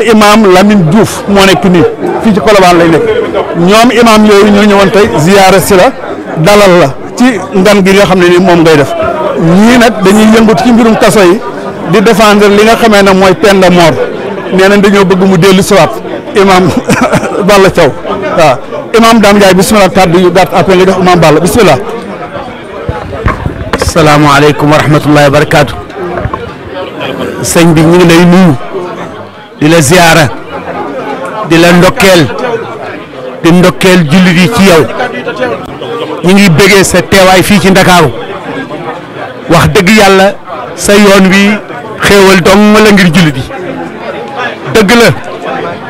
al imam Lamine Diouf moo nekk nii fii ci Colobane lay nekk ñoom imam yooyu ñoo ñëwoon tey ziyaara si la dalal la ci ngan gi nga xam ne ni moom ngay def ñii dañuy yëngatu ci mbirum kaso yi di défendre li nga xamee ne mooy peine de mort nee nañ dañoo bëgg mu dellu siwaat imam Balla Thiaw waaw imam Dame Ndiaye bisimilah kàddu yu gàtt après nga jox imam Balla bisimilah. salaamaaleykum wa rahmatullahi wa barakaatu. sëñ bi ngi lay nuyu. di la ziyaara di la ndokkeel di ndokkeel jullit yi ci yow ñu ngi bëggee sa teewaay fii ci ndakaaru wax dëgg yàlla sa yoon wi xéewal dong la ngir jullit yi dëgg la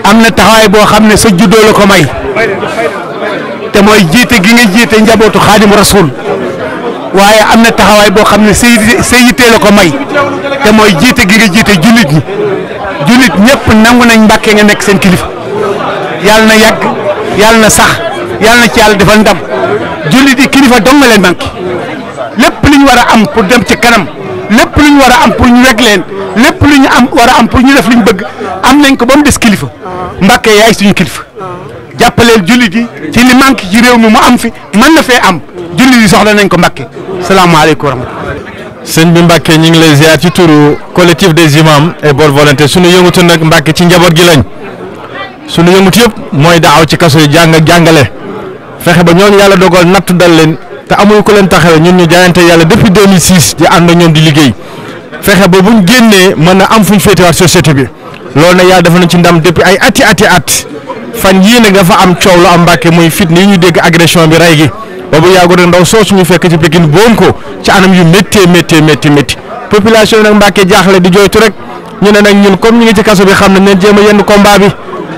am na taxawaay boo xam ne sa juddoo la ko may te mooy jiite gi nga jiite njabootu xaadim rasul waaye am na taxawaay boo xam ne sa la ko may te mooy jiite gi nga jiite jullit ñi jullit ñëpp nangu nañ Mbàkke nga nekk seen kilifa yàlla na yàgg yàlla na sax yal na ci yàlla defal ndam jullit yi kilifa dong nga leen manqué lépp lu ñu war a am pour dem ci kanam lépp lu ñu war a am pour ñu rek leen lépp lu ñu am war a am pour ñu def lu ñu bëgg am nañ ko ba mu des kilifa Mbàkke yaay suñ kilifa jàppaleel jullit yi ci li manqué ci réew mi mu am fi mën na fee am jullit yi soxla nañ ko Mbàkke salaamaaleykum wa rahmatulah sëñ bi Mbacke ñu ngi lay ziar ci turu collectif des imams et bonne volonté suñu yëngatu nag Mbacke ci njaboot gi lañ suñu yëngatu yëpp mooy aw ci kaso yi jàng jàngale fexe ba ñooñu yàlla dogal natt dal leen te amul ku leen taxawee ñun ñu jaayante yàlla depuis 2006 di na ñoom di liggéey fexe ba buñ génnee mën a am fu ñu féetewaat société bi loolu nag yàlla def nañ ci ndam depuis ay ati ati at fan yii nag dafa am coow lu am Mbacke muy fitna yi ñu dégg agression bi rey gi. boobu yàggu rek ndaw soosu ñu fekk ci Pikine boom ko ci anam yu méttee méttee métti métti population yi nag Mbàkke jaaxle di jooytu rek ñu ne nag ñun comme ñu ngi ci kaso bi xam nañ ne jéem a yenn combat bi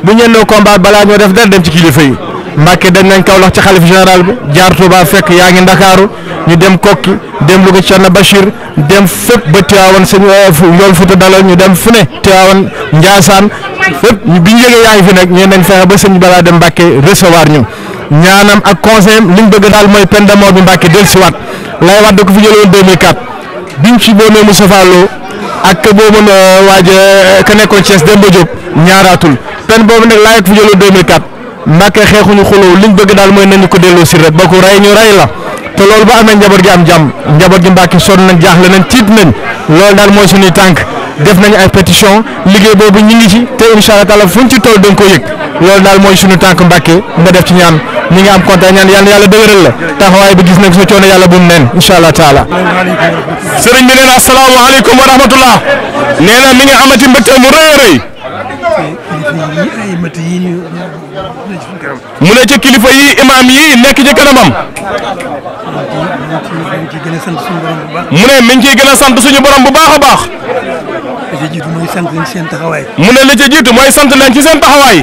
bu ñennoo combat balaa ñoo def dara dem ci kilifa yi Mbàkke dañ nañ Kaolack ci xalif général bi jaar Touba fekk yaa ngi Ndakaaru ñu dem Kokki dem Louga Thierno Bachir dem fépp ba Tivaouane seen yoon euh, Fuuta Dalo ñu dem fu ne Tivaouane Ndiassane fépp bi ñu yëgee yaa ngi fi nekk ñu nañ fexe ba sëñ balaa dem Mbàkke recevoir ñu ñaanam ak conseil am li bëgg daal mooy peine de mort bi Mbacke dellusiwaat lay waat da ko fi jëloon 2004 biñ ci boomee Moustapha Lo ak boobu na euh, waaj euh, ka nekkoon Thiès Demba Diop ñaaraatul peine xeexuñu xuloo liñ bëgg daal mooy nañu ko delloo si rek ba ko rey ñu rey la te loolu ba amee njaboot gi am jàmm njaboot gi Mbacke sonn nañ jaaxle nañ tiit nañ loolu daal mooy suñuy tànk def nañu ay pétition liggéey boobu ñu ngi ci te incha allah taala fuñ ci toll ko yëg. loolu daal mooy sunu tànk Mbàkke nga def ci ñaan ñi nga am kontaan ñaan yàlla yàlla dëgëral la taxawaay bi gis nag sa coono yàlla bu mu neen incha allah taala. sëriñ bi nee na wa rahmatullah nee na mi nga amati mbégte mu rëy a rëy. mu ne ci kilifa yi imaam yi nekk ci kanamam. mu ne mi ngi ciy a sant suñu borom bu baax a baax. mu ne li ci jiitu mooy sant leen ci seen taxawaay.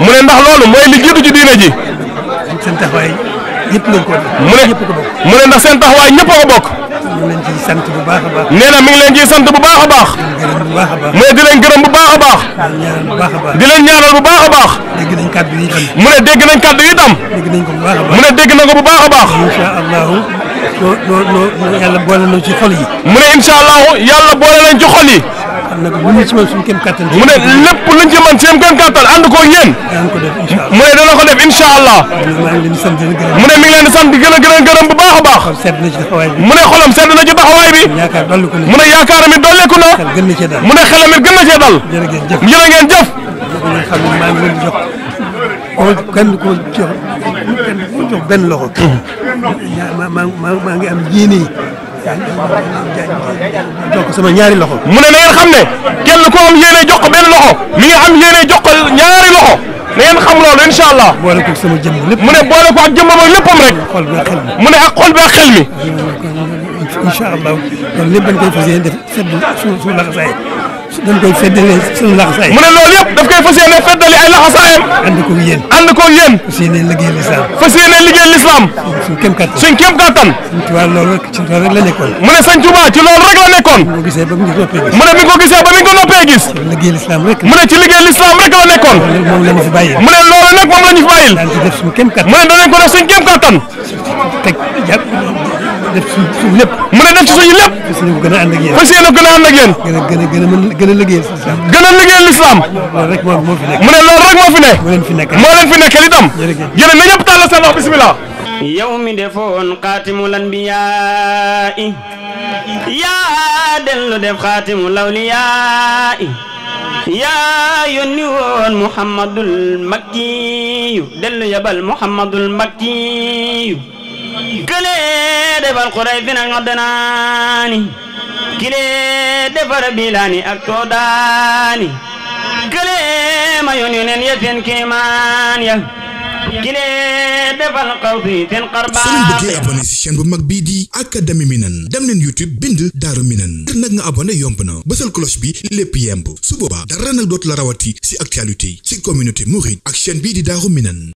mu ne ndax loolu mooy li ji ci diine ji. seen taxawaay ñëpp lañ ko mu ne mu ne ndax seen taxawaay ñëpp a ko bokk. ñu ngi leen ciy sant bu baax a baax. nee na mi ngi leen ciy sant bu baax a baax. mu ne di leen gërëm bu baax a baax. di leen ñaanal bu baax a baax. dégg nañ kàddu yi tam. mu ne dégg nañ kàddu yi tam. dégg nañ ko bu baax a baax dégg nañ ko bu baax a baax. incha allahu noo noo yàlla boole nañ ci xol yi. mu ne incha allahu yàlla boole nañ ci xol yi. kon nag lu ñu ci mën suñu kéem kattan mu ne lépp luñ ci mën seen kéem kattan ànd ko yéen mu ne dana ko def incha allah mu ne mi ngi leen di sant di gën a gën a gërëm bu baax a baax mu ne xolam sedd na ci taxawaay bi mu ne yaakaaram it dolleeku na mu ne xelam it gën na cee dal jërë ngeen jëf xool kan ko jox kan ko jox benn loxo. maa maa maa ngi am yéene jox ko sama ñaari loxo. mu ne na ngeen xam ne kenn ku am yéene jox ko benn loxo mi ngi am yéene jox ko ñaari loxo na ngeen xam loolu incha allah. boole ko sama jëmm lépp mu ne boole ko ak jëmmam ak léppam rek. mu ne ak xol bi ak xel mi. incha allah loolu lépp dañ koy fas yéene def seetlu suñu suñu laxasaay dañ koy feddali suñu laxasaay mu ne loolu yëpp daf koy fas yéene feddali ay laxasaayam ànd koog yéen ànd koog yéen fas yéene liggéey lislaam fas yéene liggéey lislaam suñ kéem kattan suñ kéem kattan suñ Tuubaa loolu rek ci loolu rek la nekkoon mu ne sëñ Tuubaa ci loolu rek la nekkoon mu ne bi nga ko gisee ba mi ko noppee gis liggéey lislaam rek mu ne ci liggéey lislaam rek la nekkoon moom la ñu fi bàyyil mu ne loolu nag moom la ñu fi bàyyil mu ne danañ ko def suñ kéem kattan def ci suuf lépp. mën a def ci suñu lépp. fas yéene ko gën a ànd ak yéen. fas yéene ko gën a ànd ak yéen. gën a gën a gën a mën gën a liggéeyal a mi defoon xaatimul anbiyaa yi yaa dellu def xaatimul awliyaa yi yaa yónni woon Muhammadul Makkiyu dellu yabal Muhammadul Makkiyu kële defal xuray fi nag nodde naani kile defar bilaani ak toodaani kële ma yoon yu neen ya seen kéemaan ya kile defal xawsi seen xarbaax soo bëggee abonné si chaîne bu mag bii di académie Minane dem leen YouTube bind Daaru Minane ngir nag nga abonné yomb na bësal cloche bi lépp yemb su boobaa dara nag dootu la rawati si actualité ci communauté mouride ak chaîne bii di mi Minane